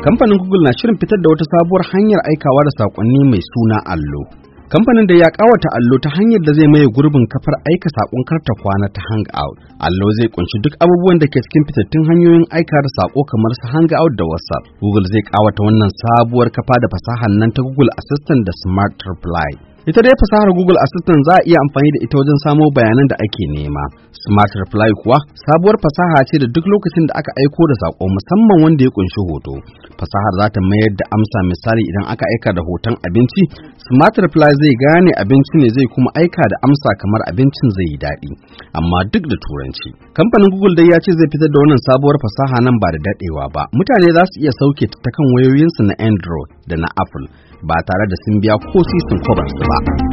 Kamfanin Google na shirin fitar da wata sabuwar hanyar aikawa da saƙonni mai suna allo. Kamfanin da ya ƙawata allo ta hanyar da zai maye gurbin kafar aika saƙon karta kwana ta Hangout. Allo zai kunshi duk abubuwan da ke cikin fitattun hanyoyin aika da saƙo kamar su Hangout da WhatsApp. Google zai ƙawata wannan sabuwar kafa da fasahar nan ta Google Assistant da Smart Reply. Ita dai fasahar Google Assistant za a iya amfani da ita wajen samo bayanan da ake nema. Smart Reply kuwa sabuwar fasaha ce da duk lokacin da aka aiko da sako musamman wanda ya kunshi hoto. Fasahar za ta mayar da amsa misali idan aka aika da hoton abinci, Smart Reply zai gane abinci ne zai kuma aika da amsa kamar abincin zai yi daɗi, amma duk da turanci. Kamfanin Google dai ya ce zai fitar da wannan sabuwar fasaha nan ba da daɗewa ba. Mutane za su iya sauke ta kan wayoyinsu na Android da na Apple ba tare da sun biya ko sisin kwabar Bye.